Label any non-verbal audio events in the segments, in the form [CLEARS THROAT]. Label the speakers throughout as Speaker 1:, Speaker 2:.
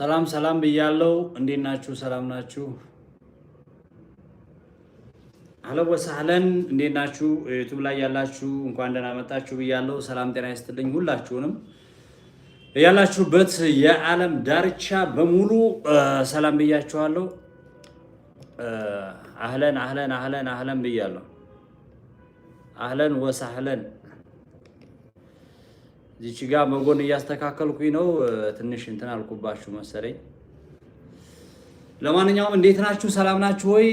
Speaker 1: ሰላም ሰላም ብያለው። እንዴት ናችሁ? ሰላም ናችሁ? አህለን ወሰህለን እንዴት ናችሁ? ዩቱብ ላይ ያላችሁ እንኳን ደህና መጣችሁ ብያለው። ሰላም ጤና ይስጥልኝ ሁላችሁንም ያላችሁበት የዓለም ዳርቻ በሙሉ ሰላም ብያችኋለሁ። አህለን አህለን አህለን አህለን ብያለሁ። አህለን ወሰህለን እዚች ጋር መጎን እያስተካከልኩኝ ነው። ትንሽ እንትን አልኩባችሁ መሰለኝ። ለማንኛውም እንዴት ናችሁ? ሰላም ናችሁ ወይ?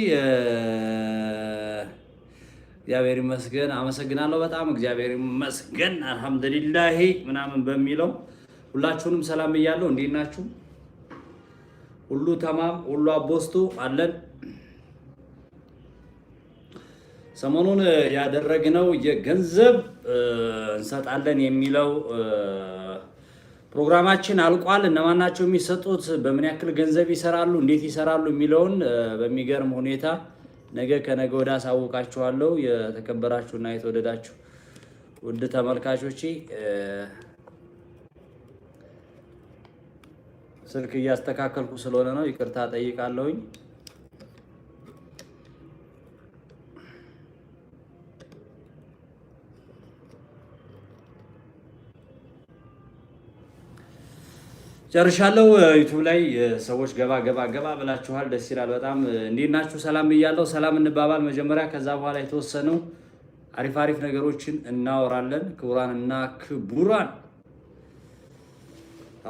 Speaker 1: እግዚአብሔር ይመስገን፣ አመሰግናለሁ በጣም እግዚአብሔር ይመስገን፣ አልሐምዱሊላሂ ምናምን በሚለው ሁላችሁንም ሰላም እያለሁ እንዴት ናችሁ? ሁሉ ተማም፣ ሁሉ አቦስቱ አለን ሰሞኑን ያደረግነው የገንዘብ እንሰጣለን የሚለው ፕሮግራማችን አልቋል። እነማን ናቸው የሚሰጡት፣ በምን ያክል ገንዘብ ይሰራሉ፣ እንዴት ይሰራሉ የሚለውን በሚገርም ሁኔታ ነገ ከነገ ወደ አሳውቃችኋለሁ። እና የተወደዳችሁ ውድ ተመልካቾች ስልክ እያስተካከልኩ ስለሆነ ነው፣ ይቅርታ ጠይቃለሁኝ። ጨርሻለሁ። ዩቱብ ላይ ሰዎች ገባ ገባ ገባ ብላችኋል፣ ደስ ይላል በጣም። እንዴት ናችሁ? ሰላም ብያለሁ። ሰላም እንባባል መጀመሪያ፣ ከዛ በኋላ የተወሰነው አሪፍ አሪፍ ነገሮችን እናወራለን። ክቡራን እና ክቡራን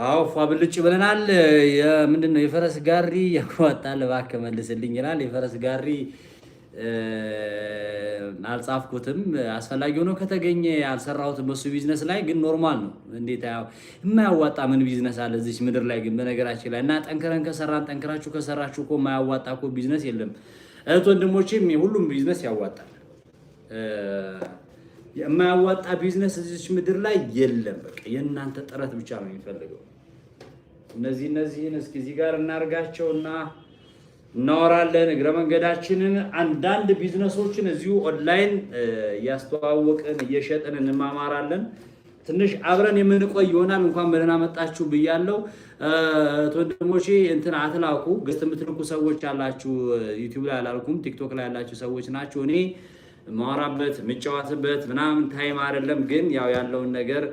Speaker 1: አዎ ፏ ብለናል። ምንድን የፈረስ ጋሪ ያዋጣል እባክህ መልስልኝ ይላል የፈረስ ጋሪ አልጻፍኩትም። አስፈላጊ ሆኖ ከተገኘ አልሰራሁትም። እሱ ቢዝነስ ላይ ግን ኖርማል ነው። እንዴት የማያዋጣ ምን ቢዝነስ አለ እዚች ምድር ላይ? ግን በነገራችን ላይ እና ጠንክረን ከሰራን ጠንክራችሁ ከሰራችሁ እኮ የማያዋጣ እኮ ቢዝነስ የለም። እህት ወንድሞቼም ሁሉም ቢዝነስ ያዋጣል። የማያዋጣ ቢዝነስ እዚች ምድር ላይ የለም። በቃ የእናንተ ጥረት ብቻ ነው የሚፈልገው። እነዚህ እነዚህን እስኪ እዚህ ጋር እናርጋቸውና እናወራለን። እግረ መንገዳችንን አንዳንድ ቢዝነሶችን እዚሁ ኦንላይን እያስተዋወቅን እየሸጥን እንማማራለን። ትንሽ አብረን የምንቆይ ይሆናል። እንኳን በደህና መጣችሁ ብያለሁ። ወንድሞቼ እንትን አትላኩ። ገስት የምትልኩ ሰዎች ያላችሁ ዩቲዩብ ላይ አላልኩም፣ ቲክቶክ ላይ ያላችሁ ሰዎች ናቸው። እኔ ማወራበት የምጫወትበት ምናምን ታይም አይደለም፣ ግን ያው ያለውን ነገር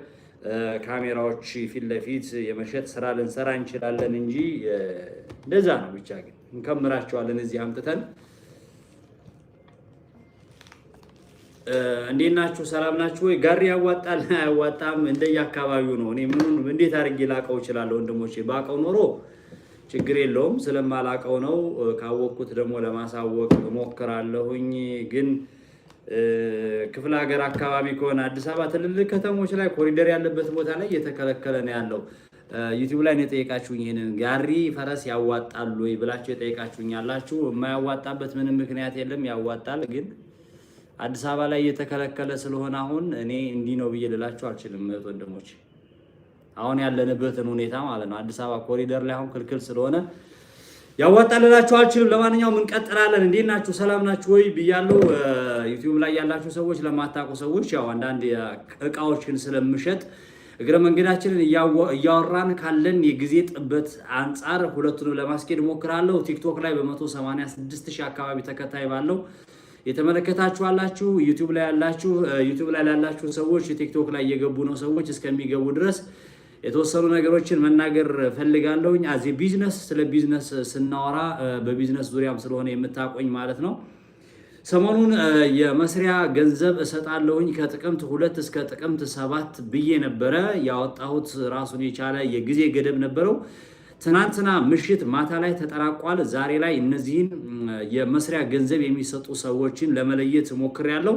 Speaker 1: ካሜራዎች ፊት ለፊት የመሸጥ ስራ ልንሰራ እንችላለን እንጂ እንደዛ ነው ብቻ ግን እንከምራቸዋለን እዚህ አምጥተን። እንዴት ናችሁ? ሰላም ናችሁ ወይ? ጋሪ ያዋጣል [LAUGHS] አያዋጣም? እንደየ አካባቢው ነው። እኔ ምን እንዴት አድርጌ ላቀው እችላለሁ? ወንድሞቼ ባቀው ኖሮ ችግር የለውም። ስለማላቀው ነው። ካወቅኩት ደግሞ ለማሳወቅ እሞክራለሁኝ። ግን ክፍለ ሀገር አካባቢ ከሆነ አዲስ አበባ ትልልቅ ከተሞች ላይ ኮሪደር ያለበት ቦታ ላይ እየተከለከለ ነው ያለው። ዩቲዩብ ላይ ነው የጠየቃችሁኝ። ይህንን ጋሪ ፈረስ ያዋጣሉ ወይ ብላችሁ የጠየቃችሁኝ ያላችሁ የማያዋጣበት ምንም ምክንያት የለም፣ ያዋጣል። ግን አዲስ አበባ ላይ እየተከለከለ ስለሆነ አሁን እኔ እንዲህ ነው ብዬ ልላችሁ አልችልም። እህት ወንድሞች፣ አሁን ያለንበትን ሁኔታ ማለት ነው። አዲስ አበባ ኮሪደር ላይ አሁን ክልክል ስለሆነ ያዋጣል ልላችሁ አልችልም። ለማንኛውም እንቀጥላለን። እንዴት ናችሁ? ሰላም ናችሁ ወይ ብያለሁ። ዩቲዩብ ላይ ያላችሁ ሰዎች፣ ለማታውቁ ሰዎች ያው አንዳንድ እቃዎችን ስለምሸጥ እግረ መንገዳችንን እያወራን ካለን የጊዜ ጥበት አንጻር ሁለቱንም ለማስኬድ ሞክራለሁ። ቲክቶክ ላይ በ186 ሺህ አካባቢ ተከታይ ባለው የተመለከታችሁ አላችሁ። ላይ ያላችሁ ዩቱብ ላይ ያላችሁ ሰዎች ቲክቶክ ላይ እየገቡ ነው። ሰዎች እስከሚገቡ ድረስ የተወሰኑ ነገሮችን መናገር ፈልጋለሁኝ። አዚ ቢዝነስ ስለ ቢዝነስ ስናወራ በቢዝነስ ዙሪያም ስለሆነ የምታቆኝ ማለት ነው ሰሞኑን የመስሪያ ገንዘብ እሰጣለሁኝ ከጥቅምት ሁለት እስከ ጥቅምት ሰባት ብዬ ነበረ ያወጣሁት። ራሱን የቻለ የጊዜ ገደብ ነበረው። ትናንትና ምሽት ማታ ላይ ተጠናቋል። ዛሬ ላይ እነዚህን የመስሪያ ገንዘብ የሚሰጡ ሰዎችን ለመለየት ሞክሬያለሁ።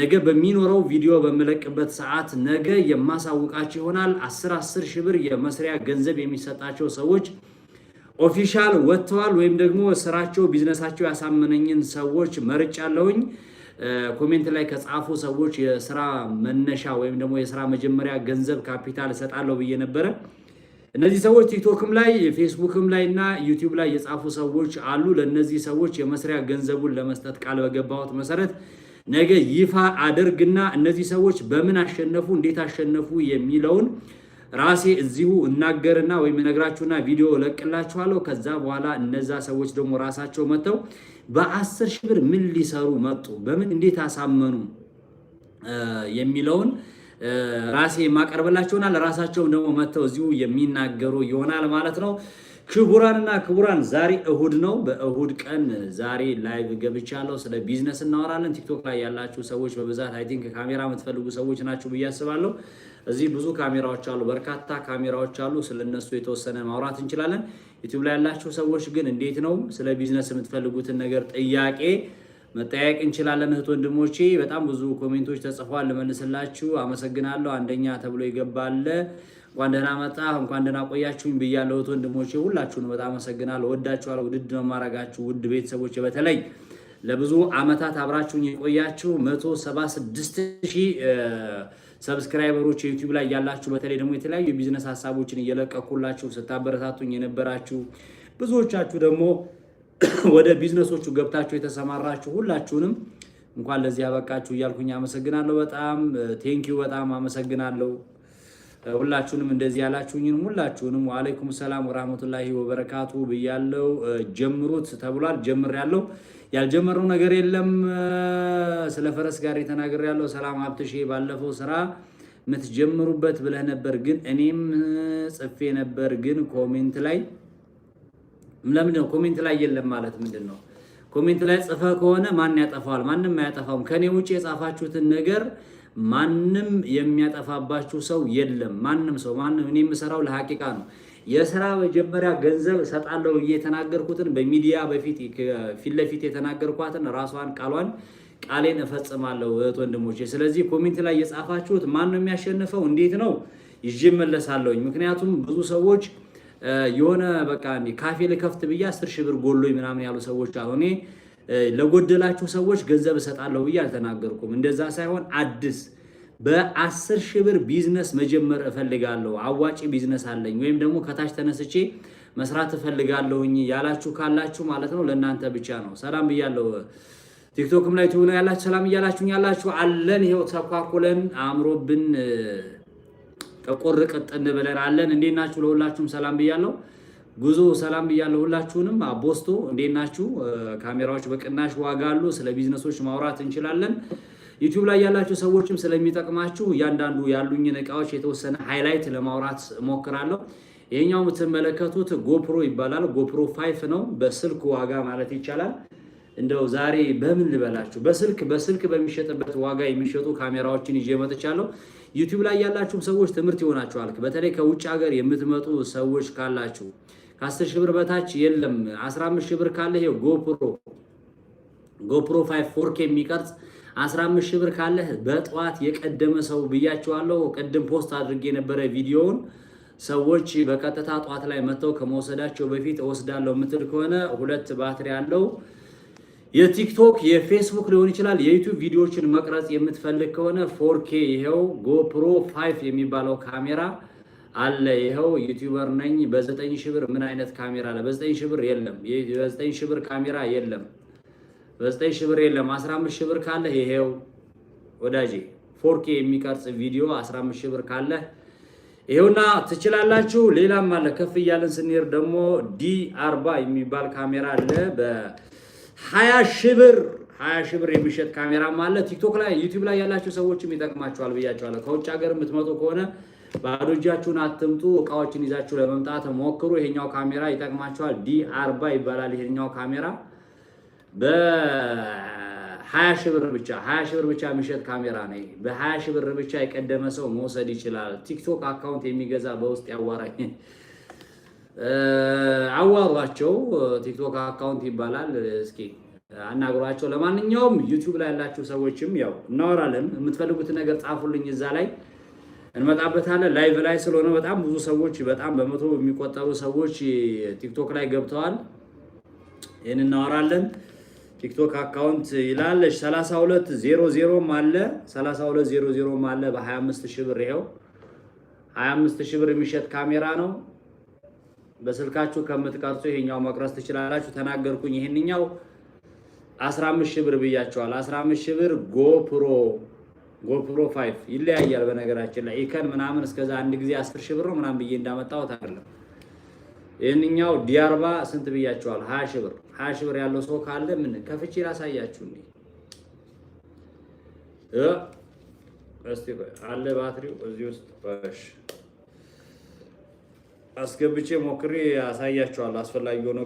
Speaker 1: ነገ በሚኖረው ቪዲዮ በምለቅበት ሰዓት ነገ የማሳውቃቸው ይሆናል። አስር አስር ሺህ ብር የመስሪያ ገንዘብ የሚሰጣቸው ሰዎች ኦፊሻል ወጥተዋል ወይም ደግሞ ስራቸው ቢዝነሳቸው ያሳመነኝን ሰዎች መርጫለሁኝ። ኮሜንት ላይ ከጻፉ ሰዎች የስራ መነሻ ወይም ደግሞ የስራ መጀመሪያ ገንዘብ ካፒታል እሰጣለሁ ብዬ ነበረ። እነዚህ ሰዎች ቲክቶክም ላይ ፌስቡክም ላይ እና ዩቲዩብ ላይ የጻፉ ሰዎች አሉ። ለእነዚህ ሰዎች የመስሪያ ገንዘቡን ለመስጠት ቃል በገባሁት መሰረት ነገ ይፋ አደርግና እነዚህ ሰዎች በምን አሸነፉ፣ እንዴት አሸነፉ የሚለውን ራሴ እዚሁ እናገርና ወይም እነግራችሁና ቪዲዮ እለቅላችኋለሁ። ከዛ በኋላ እነዛ ሰዎች ደግሞ ራሳቸው መጥተው በአስር ሺህ ብር ምን ሊሰሩ መጡ፣ በምን እንዴት አሳመኑ የሚለውን ራሴ የማቀርብላችሁናል። ራሳቸው ደግሞ መጥተው እዚሁ የሚናገሩ ይሆናል ማለት ነው። ክቡራንና ክቡራን ዛሬ እሁድ ነው። በእሁድ ቀን ዛሬ ላይቭ ገብቻለሁ። ስለ ቢዝነስ እናወራለን። ቲክቶክ ላይ ያላችሁ ሰዎች በብዛት አይ ቲንክ ካሜራ የምትፈልጉ ሰዎች ናችሁ ብዬ አስባለሁ። እዚህ ብዙ ካሜራዎች አሉ፣ በርካታ ካሜራዎች አሉ። ስለነሱ የተወሰነ ማውራት እንችላለን። ዩቲዩብ ላይ ያላችሁ ሰዎች ግን እንዴት ነው ስለ ቢዝነስ የምትፈልጉትን ነገር ጥያቄ መጠያየቅ እንችላለን። እህት ወንድሞቼ፣ በጣም ብዙ ኮሜንቶች ተጽፏል፣ ልመልስላችሁ። አመሰግናለሁ። አንደኛ ተብሎ ይገባለ እንኳን ደህና መጣ፣ እንኳን ደህና ቆያችሁኝ ብያለሁ። እህት ወንድሞቼ፣ ሁላችሁን በጣም አመሰግናለሁ። ወዳችኋለሁ። ውድድ ነው የማረጋችሁ ውድ ቤተሰቦች በተለይ ለብዙ አመታት አብራችሁኝ የቆያችሁ 176 ሰብስክራይበሮች ዩቲዩብ ላይ ያላችሁ በተለይ ደግሞ የተለያዩ የቢዝነስ ሀሳቦችን እየለቀኩላችሁ ስታበረታቱኝ የነበራችሁ ብዙዎቻችሁ ደግሞ [CLEARS THROAT] ወደ ቢዝነሶቹ ገብታችሁ የተሰማራችሁ ሁላችሁንም እንኳን ለዚህ ያበቃችሁ እያልኩኝ አመሰግናለሁ። በጣም ቴንኪዩ፣ በጣም አመሰግናለሁ። ሁላችሁንም እንደዚህ ያላችሁኝንም ሁላችሁንም ወአለይኩም ሰላም ወራህመቱላሂ ወበረካቱ ብያለው። ጀምሩት ተብሏል። ጀምር ያለው ያልጀመረው ነገር የለም። ስለ ፈረስ ጋሪ ተናግር ያለው ሰላም ሀብትሽ ባለፈው ስራ የምትጀምሩበት ብለህ ነበር፣ ግን እኔም ጽፌ ነበር፣ ግን ኮሜንት ላይ ለምንድን ነው ኮሜንት ላይ የለም ማለት ምንድን ነው? ኮሜንት ላይ ጽፈ ከሆነ ማን ያጠፋዋል? ማንም አያጠፋውም። ከኔ ውጭ የጻፋችሁትን ነገር ማንም የሚያጠፋባችሁ ሰው የለም። ማንም ሰው ማንም እኔ የምሰራው ለሀቂቃ ነው። የስራ መጀመሪያ ገንዘብ እሰጣለሁ ብዬ የተናገርኩትን በሚዲያ በፊት ፊት ለፊት የተናገርኳትን ራሷን ቃሏን ቃሌን እፈጽማለሁ እህት ወንድሞቼ። ስለዚህ ኮሜንት ላይ የጻፋችሁት ማን ነው የሚያሸንፈው? እንዴት ነው ይዤ እመለሳለሁኝ። ምክንያቱም ብዙ ሰዎች የሆነ በቃ ካፌ ልከፍት ብዬ አስር ሺህ ብር ጎሎኝ ምናምን ያሉ ሰዎች አሉ። እኔ ለጎደላችሁ ሰዎች ገንዘብ እሰጣለሁ ብዬ አልተናገርኩም። እንደዛ ሳይሆን አዲስ በአስር ሺህ ብር ቢዝነስ መጀመር እፈልጋለሁ፣ አዋጪ ቢዝነስ አለኝ ወይም ደግሞ ከታች ተነስቼ መስራት እፈልጋለሁኝ ያላችሁ ካላችሁ ማለት ነው ለእናንተ ብቻ ነው። ሰላም ብያለሁ። ቲክቶክም ላይ ትሆነ ያላችሁ ሰላም እያላችሁ ያላችሁ አለን። ይኸው ተኳኩለን አእምሮብን ጠቆር ቀጠን ብለን አለን። እንዴት ናችሁ? ለሁላችሁም ሰላም ብያለሁ። ጉዞ ሰላም ብያለሁ ሁላችሁንም። አቦስቶ እንዴት ናችሁ? ካሜራዎች በቅናሽ ዋጋ አሉ። ስለ ቢዝነሶች ማውራት እንችላለን። ዩቲዩብ ላይ ያላችሁ ሰዎችም ስለሚጠቅማችሁ እያንዳንዱ ያሉኝን እቃዎች የተወሰነ ሃይላይት ለማውራት እሞክራለሁ። ይህኛው የምትመለከቱት ጎፕሮ ይባላል። ጎፕሮ ፋይፍ ነው በስልክ ዋጋ ማለት ይቻላል። እንደው ዛሬ በምን ልበላችሁ፣ በስልክ በስልክ በሚሸጥበት ዋጋ የሚሸጡ ካሜራዎችን ይዤ መጥቻለሁ። ዩቲዩብ ላይ ያላችሁም ሰዎች ትምህርት ይሆናችኋል። በተለይ ከውጭ ሀገር የምትመጡ ሰዎች ካላችሁ ከ10 ሺህ ብር በታች የለም። 15 ሺህ ብር ካለ ይሄ ጎፕሮ ጎፕሮ 5 ፎርኬ የሚቀርጽ 15 ሺህ ብር ካለህ በጠዋት የቀደመ ሰው ብያቸዋለሁ። ቅድም ፖስት አድርጌ የነበረ ቪዲዮውን ሰዎች በቀጥታ ጠዋት ላይ መጥተው ከመውሰዳቸው በፊት እወስዳለሁ የምትል ከሆነ ሁለት ባትሪ ያለው የቲክቶክ የፌስቡክ ሊሆን ይችላል የዩቲዩብ ቪዲዮዎችን መቅረጽ የምትፈልግ ከሆነ ፎርኬ ይኸው ጎፕሮ ፋይቭ የሚባለው ካሜራ አለ። ይኸው ዩቲዩበር ነኝ። በዘጠኝ ሺህ ብር ምን አይነት ካሜራ አለ? በዘጠኝ ሺህ ብር የለም። በዘጠኝ ሺህ ብር ካሜራ የለም። በዘጠኝ ሽብር የለም 15 ሺህ ብር ካለህ ይሄው ወዳጄ ፎርኬ የሚቀርጽ ቪዲዮ 15 ሽብር ካለ ይሄውና ትችላላችሁ። ሌላም አለ። ከፍ እያለን ስንሄድ ደግሞ ዲ አርባ የሚባል ካሜራ አለ በ20 ሺህ 20 ሺህ ብር የሚሸጥ ካሜራም አለ። ቲክቶክ ላይ ዩቲዩብ ላይ ያላችሁ ሰዎችም ይጠቅማችኋል ብያችኋለሁ። ከውጭ ሀገር የምትመጡ ከሆነ ባዶ እጃችሁን አትምጡ። እቃዎችን ይዛችሁ ለመምጣት ሞክሩ። ይሄኛው ካሜራ ይጠቅማችኋል። ዲ አርባ ይባላል ይሄኛው ካሜራ በሀያ ሺህ ብር ብቻ ሀያ ሺህ ብር ብቻ የሚሸጥ ካሜራ ነ በሀያ ሺህ ብር ብቻ የቀደመ ሰው መውሰድ ይችላል። ቲክቶክ አካውንት የሚገዛ በውስጥ ያዋራኝ አዋሯቸው። ቲክቶክ አካውንት ይባላል። እስኪ አናግሯቸው። ለማንኛውም ዩቲዩብ ላይ ያላችሁ ሰዎችም ያው እናወራለን። የምትፈልጉትን ነገር ጻፉልኝ፣ እዛ ላይ እንመጣበታለን። ላይቭ ላይ ስለሆነ በጣም ብዙ ሰዎች በጣም በመቶ የሚቆጠሩ ሰዎች ቲክቶክ ላይ ገብተዋል። ይህን እናወራለን። ቲክቶክ አካውንት ይላለች 3200 ማለ 3200 ማለ በ 25000 ብር ይሄው 25000 ብር የሚሸጥ ካሜራ ነው። በስልካችሁ ከምትቀርጹ ይሄኛው መቅረጽ ትችላላችሁ። ተናገርኩኝ። ይሄንኛው 15000 ብር ብያቸዋል። 15000 ብር ጎፕሮ ጎፕሮ 5 ይለያያል። በነገራችን ላይ ኢከን ምናምን እስከዛ አንድ ጊዜ 10000 ብር ነው ምናምን ብዬ እንዳመጣሁት አይደለም ይህንኛው ዲያርባ ስንት ብያቸዋል? ሀያ ሺህ ብር ሀያ ሺህ ብር ያለው ሰው ካለ ምን ከፍቼ ላሳያችሁ እስቲ አለ ባትሪው እዚህ ውስጥ አስገብቼ ሞክሬ ያሳያችኋል። አስፈላጊ ሆኖ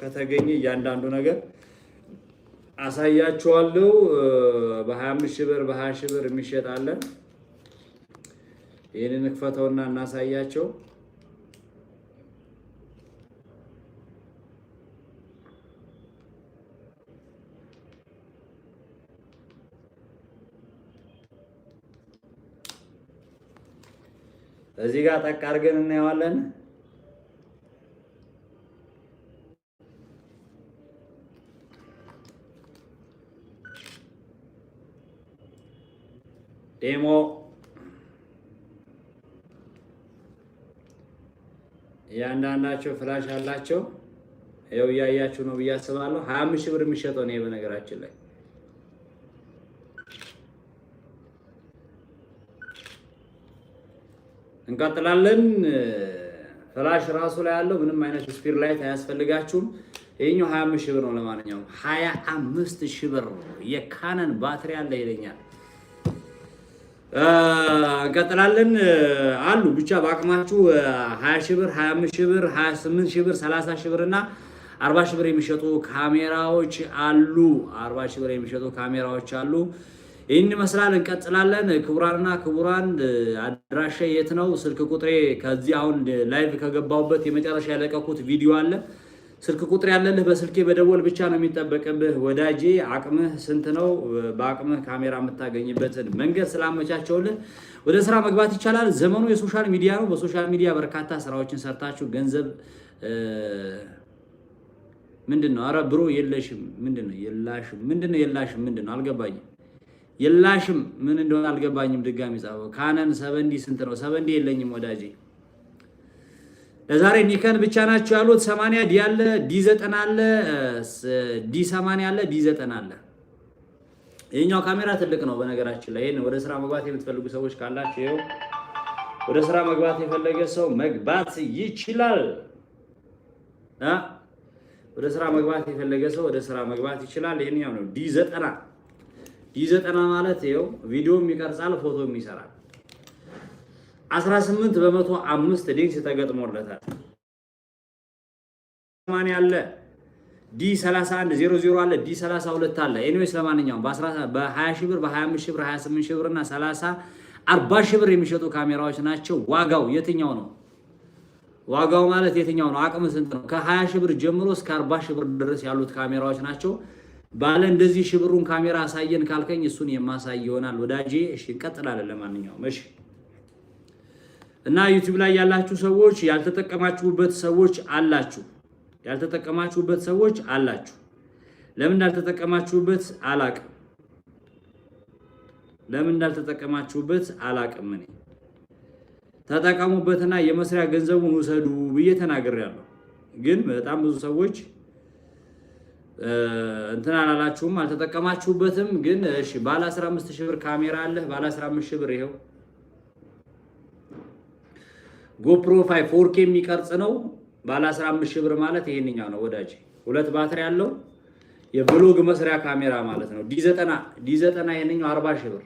Speaker 1: ከተገኘ እያንዳንዱ ነገር አሳያችኋለሁ። በ25 ሺህ ብር በ20 ሺህ ብር የሚሸጥ አለን። ይህንን ክፈተውና እናሳያቸው። እዚህ ጋር ጠቅ አድርገን እናየዋለን። ዴሞ እያንዳንዳቸው ፍላሽ አላቸው። ያው እያያችሁ ነው ብዬ አስባለሁ። ሀያ አምስት ሺህ ብር የሚሸጠው ነው በነገራችን ላይ እንቀጥላለን። ፍላሽ ራሱ ላይ ያለው ምንም አይነት ስፒር ላይት አያስፈልጋችሁም። ይህኛው 25 ሺህ ብር ነው። ለማንኛውም 25 ሺህ ብር የካነን ባትሪ አለ ይለኛል። እንቀጥላለን አሉ ብቻ በአቅማችሁ 20 ሺህ ብር፣ 25 ሺህ ብር፣ 28 ሺህ ብር፣ 30 ሺህ ብር እና 40 ሺህ ብር የሚሸጡ ካሜራዎች አሉ። 40 ሺህ ብር የሚሸጡ ካሜራዎች አሉ። ይህን ይመስላል። እንቀጥላለን። ክቡራንና ክቡራን አድራሻ የት ነው? ስልክ ቁጥሬ ከዚህ አሁን ላይቭ ከገባሁበት የመጨረሻ ያለቀኩት ቪዲዮ አለ። ስልክ ቁጥር ያለልህ በስልኬ በደወል ብቻ ነው የሚጠበቅብህ ወዳጄ። አቅምህ ስንት ነው? በአቅምህ ካሜራ የምታገኝበትን መንገድ ስላመቻቸውልህ ወደ ስራ መግባት ይቻላል። ዘመኑ የሶሻል ሚዲያ ነው። በሶሻል ሚዲያ በርካታ ስራዎችን ሰርታችሁ ገንዘብ ምንድን ነው? አረ ብሮ የለሽም ምንድን ነው? የላሽም ምንድን ነው? የላሽም ምንድን ነው? አልገባኝም። የላሽም ምን እንደሆነ አልገባኝም። ድጋሚ ጻፈው። ካነን ሰበንዲ ስንት ነው? ሰበንዲ የለኝም ወዳጄ። ለዛሬ ኒከን ብቻ ናቸው ያሉት። ሰማንያ ዲ አለ፣ ዲ ዘጠና አለ፣ ዲ ሰማንያ አለ፣ ዲ ዘጠና አለ። ይህኛው ካሜራ ትልቅ ነው በነገራችን ላይ። ይሄን ወደ ስራ መግባት የምትፈልጉ ሰዎች ካላችሁ ይኸው ወደ ስራ መግባት የፈለገ ሰው መግባት ይችላል። ወደ ስራ መግባት የፈለገ ሰው ወደ ስራ መግባት ይችላል። ይህኛው ነው ዲ ዘጠና ዲ ዘጠና ማለት ይኸው ቪዲዮም ይቀርጻል ፎቶም ይሰራል። 18 በመቶ አምስት ዲንስ ተገጥሞለታል። ማን ያለ ዲ 31 00 አለ ዲ 32 አለ። ኤኒዌይስ ለማንኛውም በ20 ሺህ ብር በ25 ሺህ ብር 28 ሺህ ብር እና 30 40 ሺህ ብር የሚሸጡ ካሜራዎች ናቸው። ዋጋው የትኛው ነው? ዋጋው ማለት የትኛው ነው? አቅም ስንት ነው? ከ20 ሺህ ብር ጀምሮ እስከ 40 ሺህ ብር ድረስ ያሉት ካሜራዎች ናቸው። ባለ እንደዚህ ሽብሩን ካሜራ አሳየን ካልከኝ እሱን የማሳይ ይሆናል ወዳጄ። እሺ እንቀጥላለን። ለማንኛውም እሺ እና ዩቲዩብ ላይ ያላችሁ ሰዎች ያልተጠቀማችሁበት ሰዎች አላችሁ፣ ያልተጠቀማችሁበት ሰዎች አላችሁ። ለምን እንዳልተጠቀማችሁበት አላቅም፣ ለምን እንዳልተጠቀማችሁበት አላቅም። እኔ ተጠቀሙበትና የመስሪያ ገንዘቡን ውሰዱ ብዬ ተናግሬያለሁ። ግን በጣም ብዙ ሰዎች እንትን አላላችሁም፣ አልተጠቀማችሁበትም። ግን እሺ፣ ባለ 15 ሺህ ብር ካሜራ አለህ? ባለ 15 ሺህ ብር ይሄው ጎፕሮ 5 4K የሚቀርጽ ነው። ባለ 15 ሺህ ብር ማለት ይሄንኛው ነው ወዳጅ። ሁለት ባትሪ ያለው የብሎግ መስሪያ ካሜራ ማለት ነው። ዲ90 ዲ90 ይሄንኛው 40 ሺህ ብር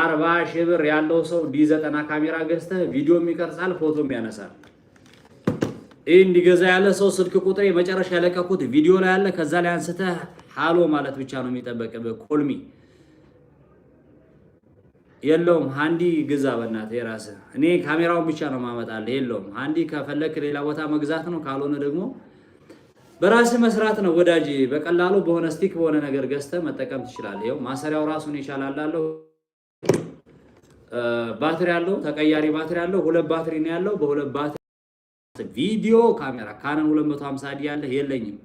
Speaker 1: 40 ሺህ ብር ያለው ሰው ዲ90 ካሜራ ገዝተህ ቪዲዮም ይቀርጻል፣ ፎቶም ያነሳል። ይህ እንዲገዛ ያለ ሰው ስልክ ቁጥር የመጨረሻ የለቀኩት ቪዲዮ ላይ ያለ ከዛ ላይ አንስተህ ሃሎ ማለት ብቻ ነው የሚጠበቅብህ። ኮልሚ የለውም። ሃንዲ ግዛ በእናትህ የራስህ። እኔ ካሜራውን ብቻ ነው ማመጣልህ። የለውም ሃንዲ ከፈለክ ሌላ ቦታ መግዛት ነው፣ ካልሆነ ደግሞ በራስህ መስራት ነው ወዳጅ። በቀላሉ በሆነ ስቲክ በሆነ ነገር ገዝተህ መጠቀም ትችላለህ። ይኸው ማሰሪያው ራሱን ይሻላል ባትሪ አለው፣ ተቀያሪ ባትሪ አለው። ሁለት ባትሪ ነው ያለው። በሁለት ባትሪ ቪዲዮ ካሜራ ካነን 250 ዲ ያለ የለኝም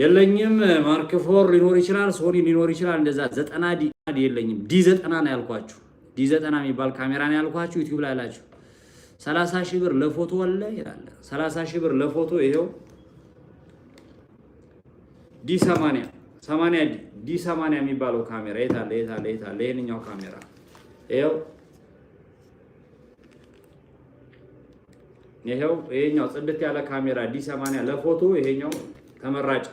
Speaker 1: የለኝም። ማርክ ፎር ሊኖር ይችላል፣ ሶኒ ሊኖር ይችላል። እንደዛ ዘጠና ዲ የለኝም። ዲ ዘጠና ነው ያልኳችሁ። ዲ ዘጠና የሚባል ካሜራ ነው ያልኳችሁ። ዩቲዩብ ላይ አላችሁ 30 ሺህ ብር ለፎቶ አለ ይላል። 30 ሺህ ብር ለፎቶ ይሄው ዲ 80 80 ዲ 80 የሚባለው ካሜራ የት አለ? የት አለ? የት አለ? ይሄንኛው ካሜራ ይሄው ይሄው ይሄኛው ጽድት ያለ ካሜራ ዲ80 ለፎቶ ይሄኛው ተመራጭ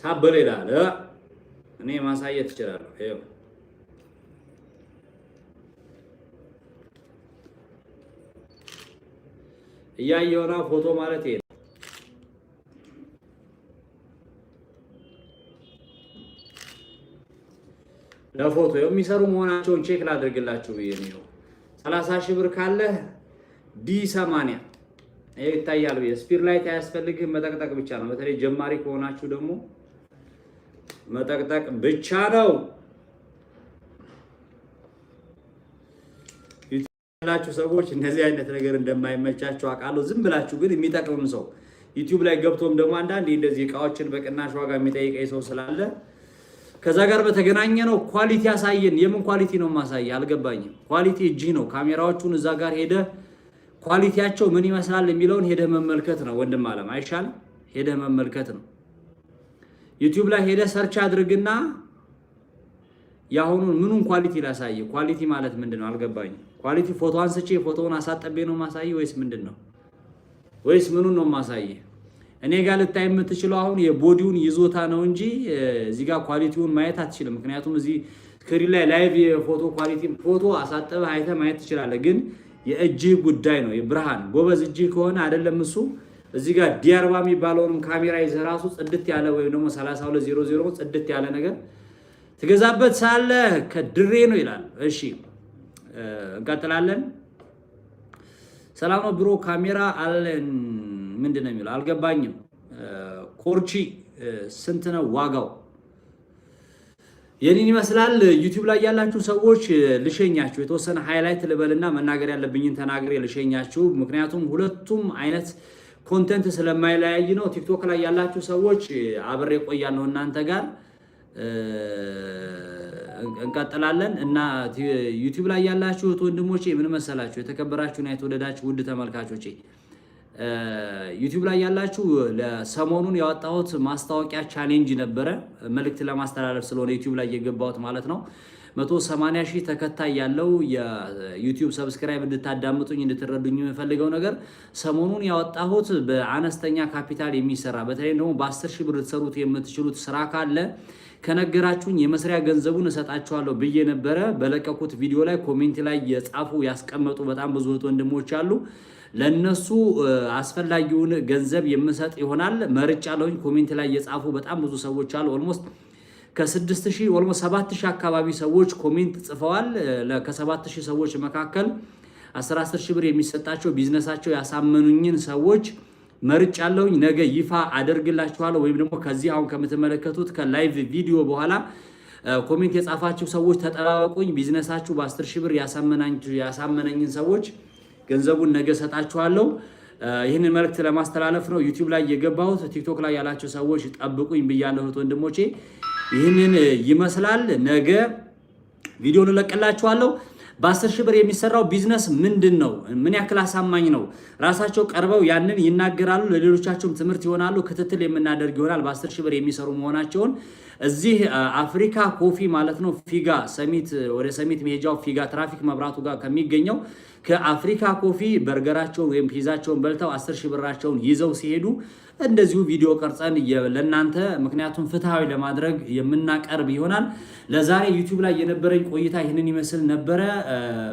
Speaker 1: ሳበለ ይላል። እኔ ማሳየት እችላለሁ። ይሄው እያየውና ፎቶ ማለት ይሄ ለፎቶ የሚሰሩ መሆናቸውን ቼክ ላድርግላችሁ ብዬ ነው። 30 ሺህ ብር ካለህ ዲ 80 ይሄ ይታያል። ስፒር ላይት አያስፈልግህም፣ መጠቅጠቅ ብቻ ነው። በተለይ ጀማሪ ከሆናችሁ ደግሞ መጠቅጠቅ ብቻ ነው። ያላችሁ ሰዎች እንደዚህ አይነት ነገር እንደማይመቻችሁ አውቃለሁ። ዝም ብላችሁ ግን የሚጠቅምም ሰው ዩቲዩብ ላይ ገብቶም ደግሞ አንዳንዴ እንደዚህ እቃዎችን በቅናሽ ዋጋ የሚጠይቀኝ ሰው ስላለ ከዛ ጋር በተገናኘ ነው ኳሊቲ ያሳየን። የምን ኳሊቲ ነው ማሳየ አልገባኝም። ኳሊቲ እጅህ ነው። ካሜራዎቹን እዛ ጋር ሄደ ኳሊቲያቸው ምን ይመስላል የሚለውን ሄደ መመልከት ነው ወንድም አለም አይሻል ሄደ መመልከት ነው። ዩቲዩብ ላይ ሄደ ሰርች አድርግና የአሁኑን ምኑን ኳሊቲ ላሳየ። ኳሊቲ ማለት ምንድን ነው አልገባኝ? ኳሊቲ ፎቶ አንስቼ ፎቶውን አሳጠቤ ነው ማሳየ ወይስ ምንድን ነው? ወይስ ምኑን ነው ማሳየ? እኔ ጋር ልታይ የምትችለው አሁን የቦዲውን ይዞታ ነው እንጂ እዚህ ጋር ኳሊቲውን ማየት አትችልም። ምክንያቱም እዚህ ስክሪን ላይ ላይቭ የፎቶ ኳሊቲ ፎቶ አሳጠበ አይተ ማየት ትችላለህ። ግን የእጅ ጉዳይ ነው። የብርሃን ጎበዝ እጅ ከሆነ አይደለም እሱ እዚህ ጋር ዲአርባ የሚባለውንም ካሜራ ይዘህ ራሱ ጽድት ያለ ወይም ደግሞ 3200 ጽድት ያለ ነገር ትገዛበት ሳለ ከድሬ ነው ይላል። እሺ እንቀጥላለን። ሰላም ብሮ ካሜራ አለን ምንድን ነው የሚለው አልገባኝም። ኮርቺ ስንት ነው ዋጋው? የኔን ይመስላል። ዩቲዩብ ላይ ያላችሁ ሰዎች ልሸኛችሁ፣ የተወሰነ ሃይላይት ልበልና መናገር ያለብኝን ተናግሬ ልሸኛችሁ። ምክንያቱም ሁለቱም አይነት ኮንተንት ስለማይለያይ ነው። ቲክቶክ ላይ ያላችሁ ሰዎች አብሬ ቆያለሁ እናንተ ጋር እንቀጥላለን እና ዩቲዩብ ላይ ያላችሁት ወንድሞቼ ምን መሰላችሁ? የተከበራችሁና የተወደዳችሁ ውድ ተመልካቾቼ ዩቲዩብ ላይ ያላችሁ ለሰሞኑን ያወጣሁት ማስታወቂያ ቻሌንጅ ነበረ። መልእክት ለማስተላለፍ ስለሆነ ዩቲዩብ ላይ የገባሁት ማለት ነው። 180 ሺህ ተከታይ ያለው የዩቲዩብ ሰብስክራይብ እንድታዳምጡኝ እንድትረዱኝ የምፈልገው ነገር ሰሞኑን ያወጣሁት በአነስተኛ ካፒታል የሚሰራ በተለይ ደግሞ በ10 ሺህ ብር ልትሰሩት የምትችሉት ስራ ካለ ከነገራችሁኝ የመስሪያ ገንዘቡን እሰጣችኋለሁ ብዬ ነበረ። በለቀኩት ቪዲዮ ላይ ኮሜንት ላይ የጻፉ ያስቀመጡ በጣም ብዙ ወንድሞች አሉ። ለእነሱ አስፈላጊውን ገንዘብ የምሰጥ ይሆናል። መርጫ ለውኝ ኮሜንት ላይ የጻፉ በጣም ብዙ ሰዎች አሉ። ኦልሞስት ከ6000 ኦልሞስት 7000 አካባቢ ሰዎች ኮሜንት ጽፈዋል። ከ7000 ሰዎች መካከል 11000 ብር የሚሰጣቸው ቢዝነሳቸው ያሳመኑኝን ሰዎች መርጫ ለውኝ ነገ ይፋ አደርግላችኋለሁ ወይም ደግሞ ከዚህ አሁን ከምትመለከቱት ከላይቭ ቪዲዮ በኋላ ኮሜንት የጻፋችሁ ሰዎች ተጠባበቁኝ። ቢዝነሳችሁ በ10 ሺህ ብር ያሳመናኝን ሰዎች ገንዘቡን ነገ ሰጣችኋለሁ። ይህንን መልእክት ለማስተላለፍ ነው ዩቲዩብ ላይ የገባሁት። ቲክቶክ ላይ ያላቸው ሰዎች ጠብቁኝ ብያለሁት ወንድሞቼ። ይህንን ይመስላል። ነገ ቪዲዮ ልለቅላችኋለሁ። በአስር ሺህ ብር የሚሰራው ቢዝነስ ምንድን ነው? ምን ያክል አሳማኝ ነው? ራሳቸው ቀርበው ያንን ይናገራሉ። ለሌሎቻቸውም ትምህርት ይሆናሉ። ክትትል የምናደርግ ይሆናል። በአስር ሺህ ብር የሚሰሩ መሆናቸውን እዚህ አፍሪካ ኮፊ ማለት ነው ፊጋ ሰሚት ወደ ሰሚት መሄጃው ፊጋ ትራፊክ መብራቱ ጋር ከሚገኘው ከአፍሪካ ኮፊ በርገራቸውን ወይም ፒዛቸውን በልተው አስር ሺህ ብራቸውን ይዘው ሲሄዱ እንደዚሁ ቪዲዮ ቀርጸን ለእናንተ ምክንያቱም ፍትሐዊ ለማድረግ የምናቀርብ ይሆናል። ለዛሬ ዩቲዩብ ላይ የነበረኝ ቆይታ ይህንን ይመስል ነበረ።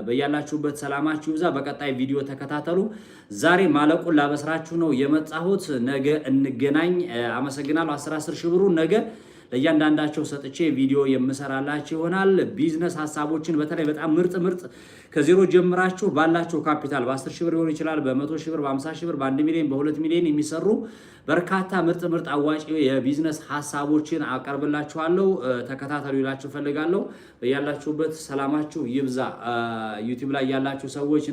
Speaker 1: በያላችሁበት ሰላማችሁ ይብዛ። በቀጣይ ቪዲዮ ተከታተሉ። ዛሬ ማለቁን ላበስራችሁ ነው የመጣሁት። ነገ እንገናኝ። አመሰግናለሁ። አስር አስር ሺህ ነገ ለእያንዳንዳቸው ሰጥቼ ቪዲዮ የምሰራላችሁ ይሆናል። ቢዝነስ ሀሳቦችን በተለይ በጣም ምርጥ ምርጥ ከዜሮ ጀምራችሁ ባላችሁ ካፒታል በ10 ሺህ ብር ሊሆን ይችላል፣ በ100 ሺህ ብር፣ በ50 ሺህ ብር፣ በ1 ሚሊዮን፣ በ2 ሚሊዮን የሚሰሩ በርካታ ምርጥ ምርጥ አዋጭ የቢዝነስ ሀሳቦችን አቀርብላችኋለሁ። ተከታተሉ ይላችሁ ፈልጋለሁ። በያላችሁበት ሰላማችሁ ይብዛ። ዩቲዩብ ላይ ያላችሁ ሰዎች